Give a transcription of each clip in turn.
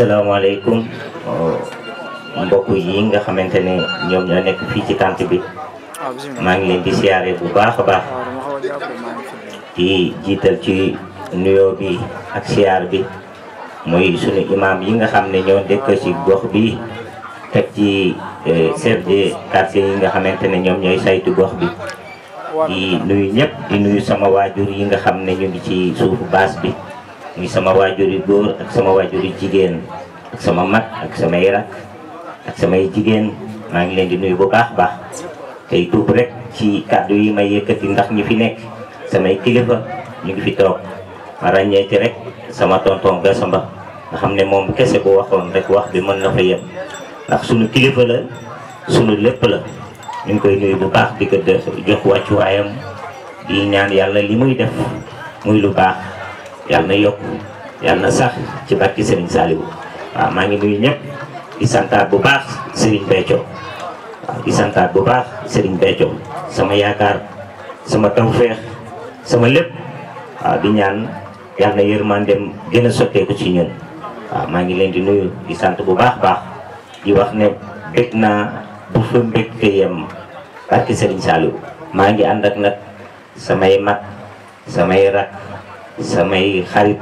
asalaamaaleykum oh, mbokk yi nga xamante ne ñoom ñoo nekk fii ci tant bi ah, maa ngi leen di siyaare bu baax a baax ah, di jiital ci nuyo bi ak siyaar bi mooy sunu imam yi nga xam ne ñoo dëkk ci gox bi teg ci eh, chef de yi nga xamante ne ñoom ñooy saytu gox bi di nuyu ñëpp di nuyu sama waajur yi nga xam ne ñu ngi ci suufu baas bi sama wajuri gur ak sama wajuri jigen ak sama mat ak sama era ak sama jigen ma ngi len di nuyu bu baax baax tay tuub rek ci kàddu yi may yëkkati ndax ñi fi nek sama kilifa ñu fi ci rek sama tonton samba nga xam mom moom kese bu waxoon rek wax bi mën na fa yem ndax sunu kilifa la sunu lepp la ñu koy nuyu bu baax di ko jox ayam di ñaan yalla limuy def muy lu baax yang yok yokk sax ci barki Serigne salihu ah, wa ma ngi nuyu ñep di santaat bu baax Serigne Béthio ah, di santaat bu baax Serigne Béthio sama yaakar sama tawféex sama lepp waaw ah, di ñaan yàlla yermane dem gën a ko ci ñun waaw ngi leen di nuyu di sant bu baax baax di wax ne bu fa barki Serigne salihu ma ngi ak samay samay rak samay xarit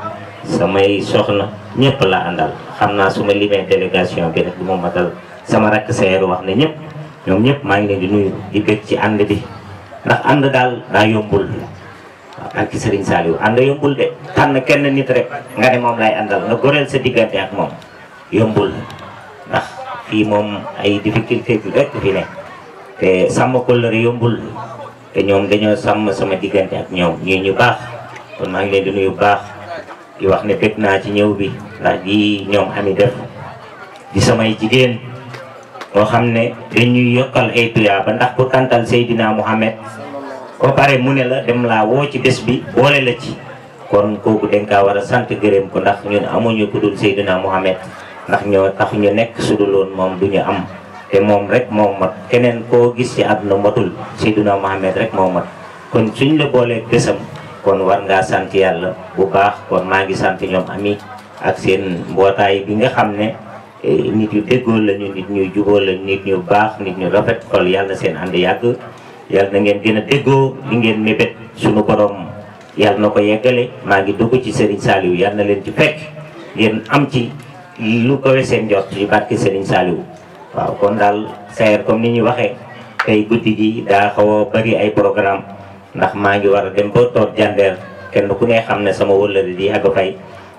samay soxna ñepp la andal xamna suma limé délégation bi rek du mo matal sama rakk seer wax ne ñepp ñom ñepp ma ngi leen di nuyu di bëgg ci and bi ndax and dal da yombul waaw barki Serigne saliw mom yombul de tan kenn nit rek nga ni mom lay andal nga gorel sa digënté ak mom yombul ndax fi mom ay difficulté bi rek fi té te ko kóllëre yombul té ñom dañoo sam sama digënté ak ñom ñi ñu baax kon maa ngi leen di nuyu baax di wax ne bég naa ci ñëw bi ndax di ñoom ami def samay jigéen moo xam ne dañuy yokkal ay tuyaa ba ndax ku tàntal Seydina Muhammad pare mu ne la dem laa woo ci bés bi boole la ci kon kooku denkaa war a sant gërëm ko ndax ñun amuñu ku dul Seydina Muhammad ndax ñoo tax ñu nekk su dul moom du ñu am te moom rek moo mat keneen koo gis ci àdduna matul Seydina Muhammad rek moo mat kon suñ la boolee bésam kon war ngaa sant yàlla bu baax kon maa ngi sant ñoom ami ak seen mbootaay bi nga xam ne eh, nit yu déggoo lañu nit ñu juboo lañu nit ñu baax nit ñu rafet xol yàlla seen ànd yàgg yàlla na ngeen gën a déggoo li ngeen mébét suñu borom yàlla na ko yeggale maa ngi dugg ci Serigne Saliou yàlla na leen ci fekk ngeen am ci lu kawe seen njort ci barke Serigne Saliou waaw kon daal sayer comme ni ñu waxee tey guddi gi daa xaw bari ay programme ndax maa ngi war a dem ba toog jandeer kenn ku ne xam ne sama wëllëri di ak fay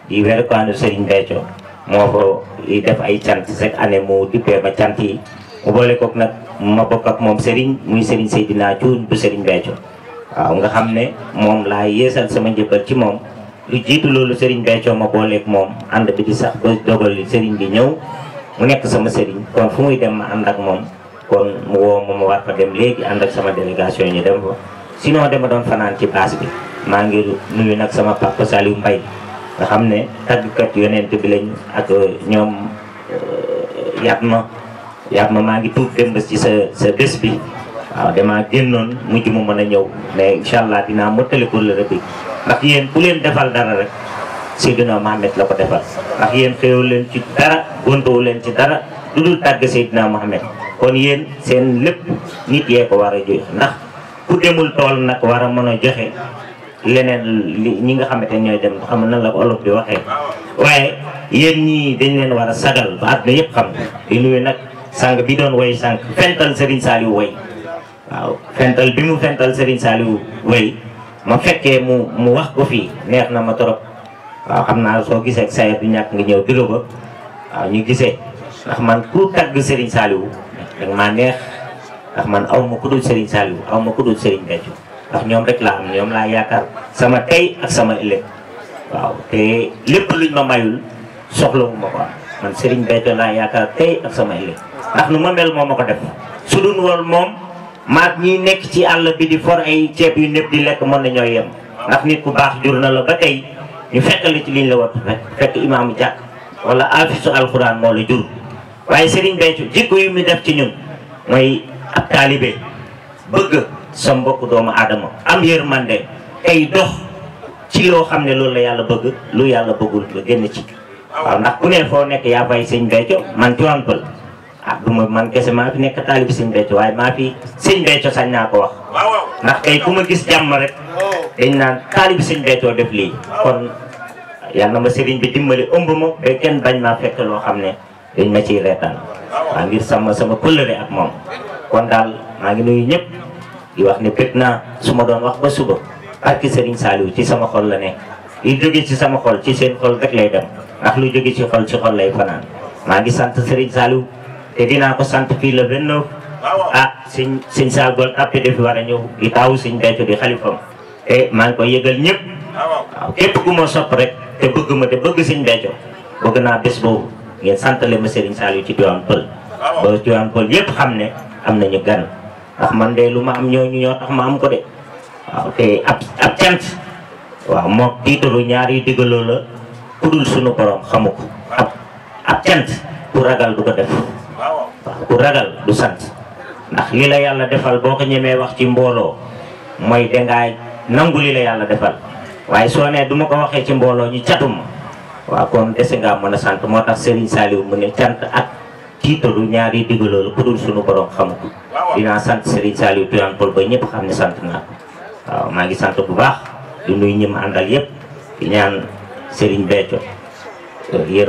di werkaanu Serigne Béthio moo fa def ay cant chaque année mu dippee ba cant yi mu boole kook nag ma bokk ak moom Serigne muy Serigne Seydina Thioune bu Serigne Béthio waaw nga xam ne moom laa yeesal sama ci moom lu jiitu loolu Serigne Béthio ma booleeg moom ànd bi di sax ba dogal Serigne bi ñëw mu nekk sama Serigne kon fu muy dem ma ànd ak moom kon mu woo ma ma war fa dem léegi ànd ak sama délégation ñu dem fa sinon dama doon fanaan ci baas bi maa ngi nuyu nag sama papa Saliou Mbaye nga xam ne tàggkat yonent bi lañ ak euh, ñoom euh, yaat ma yaat ma maa ngi tuub démb ci sa sa bés bi waaw damaa génnoon mujj mu mën a ñëw mais incha allah dinaa mottali ko la rëbbi ndax yéen bu leen defal dara rek Seydina Mohamed la ko defal ndax yéen xëyoo leen ci dara gontowu leen ci dara lu dul tàgg Seydina Mohamed kon yéen seen lépp nit yee ko war a jox ndax ku demul tool nag war a mën a joxe leneen li ñi nga xamante ne ñooy dem xam nan la ko olof bi waxee waaye yéen ñi dañ leen war a sagal ba àdduna yëpp xam di nuyu nag sànq bi doon woy sànq fental Serigne Saliou woy waaw bi mu fental Serigne Saliou ma fekkee mu mu wax ko fii neex na ma torop waa xam naa soo gisee ak sayet du ñàkk ngi ñëw bureau ba waaw ñu gisee ndax man ku tagg Serigne Saliou danga maa neex ndax man aw ma ku dul sëriñ Saliou aw ma ku dul sëriñ Béthio ah, ndax ñoom rek la am ñom la yaakar sama tay ak sama ëllëg waaw te lepp luñ ma mayul soxlawu wu mako man serigne Béthio la yaakar tay ak sama ëllëg ndax nu ma mel momako def su dun wol mom maag ñi nekk ci àll bi di for ay ciép yu nepp di lek mon ñoy yam ndax nit ku baax jur na la ba tay ñu fekkal ci liñ la wat rek fekk imam jak wala afisu alquran mo la jur waye serigne Béthio jikko yu mi def ci ñun moy ak taalibe bëgg sa mbokk doomu aadama am de tey dox ci loo xam ne loolu la yàlla bëgg lu yàlla bëggul nga génn ci waaw ndax ku ne foo nekk yaa fay sëñ Béthio man Tivaouane Peulh ah ma nekk taalibe sëñ Béthio sañ naa ko wax ku ma gis oh. naan taalibe sëñ Béthio def lii kon yàlla na ma sëriñ bi dimbali ëmb ma ba kenn loo xam ne dañ ma ciy reetaan waa ngir sama sama kóllëre ak moom kon daal maa ngi nuyu ñëpp di wax ne pét naa su ma doon wax ba suba barki Serigne Saliou ci sama xol la ne li jóge ci sama xol ci seen xol rek lay dem ndax lu jóge ci xol ci xol lay fanaan maa ngi sant Serigne Saliou te dinaa ko sant fii la 29 ah sëñ sëñ Sall Gold Tappé war a ñëw di taawu sëñ Béthio di xalifam te maa ngi koy yëgal ñëpp waaw képp ku ma sopp rek te bëgg ma te bëgg sëñ Béthio bëgg naa bés boobu ngeen santale ma Serigne Saliou ci diwaan pël xam ne am nañu gan ndax man de lu ma am ñooñu ñoo tax ma am ko de waaw te ab cant waaw moo tiitaru ñaar yu digaloo la kudul sunu borom xamu ko ab cant ku ragal du ko def waaw ku ragal du sant ndax li la yàlla defal boo ko ñemee wax ci mbooloo mooy dangaa nangu li la yàlla defal waaye soo nee du ko waxee ci mbooloo ñu catuma waaw kon dese ngaa mën a sant moo tax Serigne Saliou ne cant ak tiitoɗu dunia digolol ko ɗum sunu borom kamu ko dina sant serigne saliou tuyan pol ba ñëpp magi ne sant naa ko waaw maa ngi sant bu baax di nuyu ñim àndal yépp di ñaan serigne becco di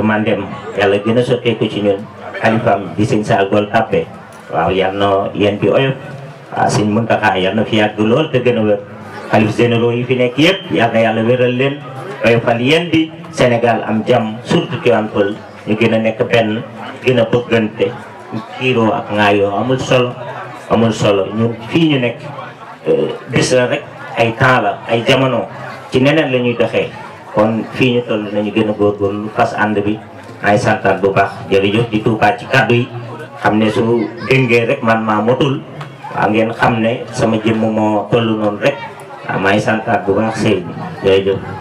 gol tape waaw yang no yéen bi oyof waaw sëñ muntaxa yal na fi yàgg lool zenero ini a ya kayak lebih relen fi nekk am jam ñu gën a nekk benn gën a bëggante kiiroo ak ŋaayoo amul solo amul solo ñun fii ñu nekk eh, bis la rek ay temps la ay jamono ci neneen la ñuy doxee kon fii ñu toll nañu gën a lu fas ànd bi ay santaat bu baax jërëjëf di tuubaat ci kàddu yi xam ne su déngee rek man maa motul waaw ngeen xam ne sama jëmm moo toll noonu rek waaw maay santaat bu baax sëy bi jërëjëf